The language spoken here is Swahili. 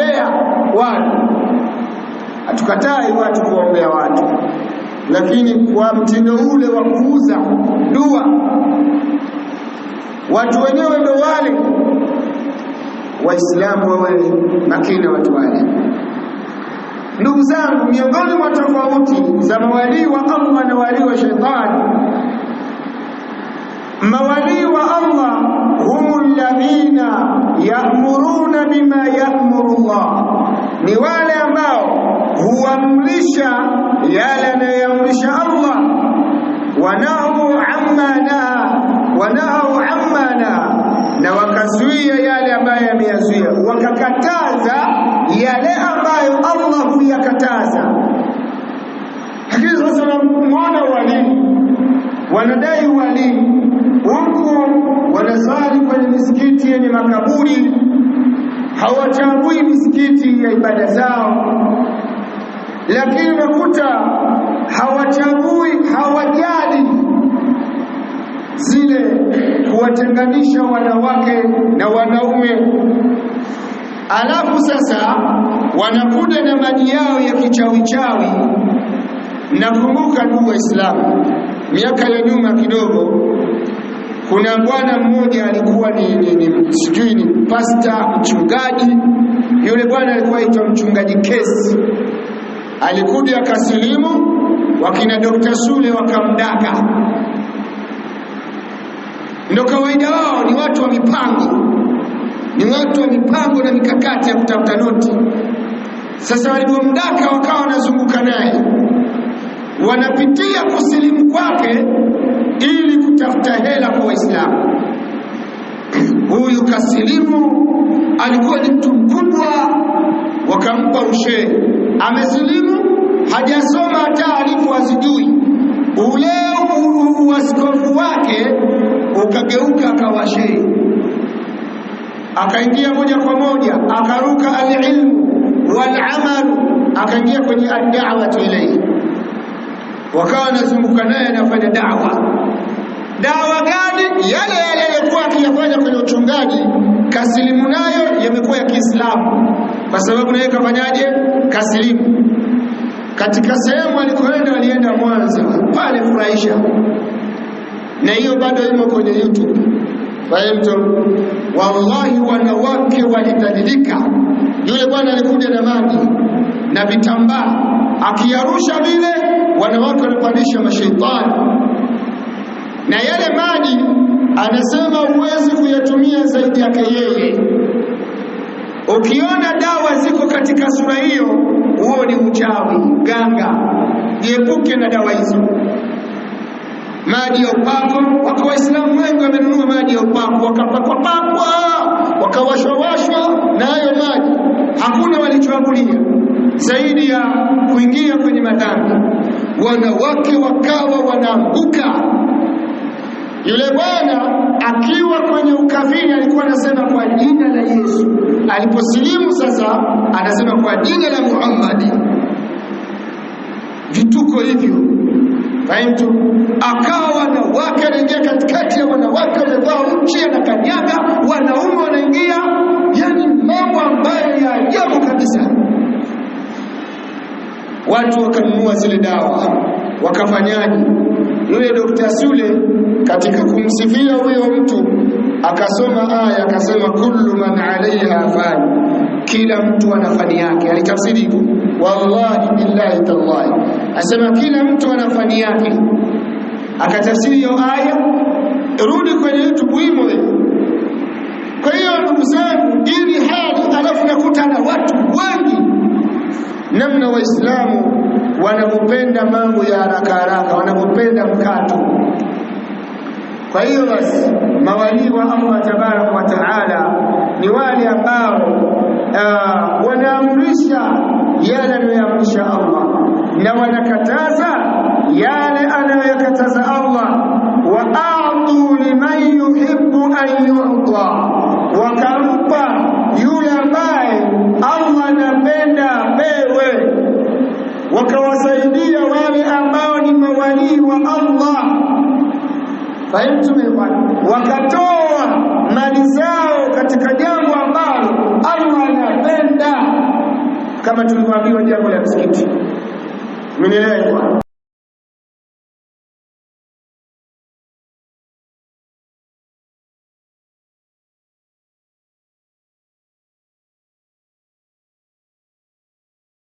kuwaombea watu, hatukatai watu kuwaombea watu, lakini kwa mtindo ule wa kuuza dua, watu wenyewe ndo wale Waislamu wawe makini watu wale. Ndugu zangu, miongoni mwa tofauti za mawalii wa Allah na walii wa shetani, mawalii wa Allah humu alladhina ya'muruna bin ni wale ambao huamrisha yale anayoamrisha Allah wanahu amma na wanahu amma naha, na wakazuia yale ambayo yameyazuia, wakakataza yale ambayo Allah huyakataza. Lakini sasa unamwona walimu wanadai walimu, huku wanasali kwenye misikiti yenye makaburi hawachagui misikiti ya ibada zao, lakini unakuta hawachagui hawajali zile kuwatenganisha wanawake na wanaume, alafu sasa wanakuja na maji yao ya kichawichawi. Nakumbuka ndugu Waislamu, miaka ya nyuma kidogo kuna bwana mmoja alikuwa ni, ni, ni sijui ni pasta mchungaji. Yule bwana alikuwa aitwa mchungaji Kesi, alikuja akasilimu, wakina Dr. Sule wakamdaka. Ndio kawaida wao, ni watu wa mipango, ni watu wa mipango na mikakati ya kutafuta noti. Sasa walipomdaka, wakawa wanazunguka naye, wanapitia kusilimu kwake kutafuta hela kwa Waislamu. Huyu kasilimu alikuwa ni mtu mkubwa, wakampa ushehe. Amesilimu, hajasoma hata alifu Ule uaskofu wake ukageuka akawa shehe, akaingia moja kwa moja akaruka alilmu walamal akaingia kwenye adawatu ilaihi, wakawa anazunguka naye anafanya dawa dawa gani? Yale yale yaliyokuwa akiyafanya kwenye uchungaji kasilimu nayo yamekuwa ya Kiislamu, kwa sababu naye kafanyaje? Kasilimu. Katika sehemu alikoenda walienda Mwanza pale furahisha, na hiyo bado imo kwenye YouTube. Kwa hiyo mtu, wallahi wanawake walitadidika. Yule bwana alikuja na maji na vitambaa akiyarusha vile, wanawake walipandisha mashaitani na yale maji anasema huwezi kuyatumia zaidi yake yeye. Ukiona dawa ziko katika sura hiyo, huo ni uchawi, ganga Jiepuke na dawa hizo. Maji ya upako, wako Waislamu wengi wamenunua maji ya upako, wakapakwapakwa, wakawashwawashwa na hayo maji, hakuna walichoakulia zaidi ya kuingia kwenye madhambi. Wanawake wakawa wanaanguka yule bwana akiwa kwenye ukafiri alikuwa anasema kwa jina la Yesu. Aliposilimu sasa, anasema kwa jina la Muhammadi. Vituko hivyo fahimu, akawa wanawake anaingia katikati ya wanawake waliovaa nchi, anakanyaga wanaume wanaingia, yani mambo ambayo ya ajabu kabisa. Watu wakanunua zile dawa wakafanyaje? yule Dr. Sule katika kumsifia huyo mtu akasoma aya akasema, kullu man alaiha fani kila mtu ana fani yake. Alitafsiri yaani hivyo, wallahi billahi tallahi, asema kila mtu ana fani yake. Akatafsiri hiyo aya, rudi kwenye YouTube muhimu. Kwa hiyo ndugu zangu, ili hali alafu nakuta na watu wengi namna Waislamu wanavyopenda mambo ya haraka haraka, wanavyopenda mkato. Kwa hiyo basi mawalii wa Allah tabaraka wa taala ni wale ambao uh, wanaamrisha yale anayoamrisha Allah na wanakataza yale anayoyakataza wakatoa mali zao katika jambo ambalo Allah anapenda, kama tulivyoambiwa jambo la msikiti. Mnielewa?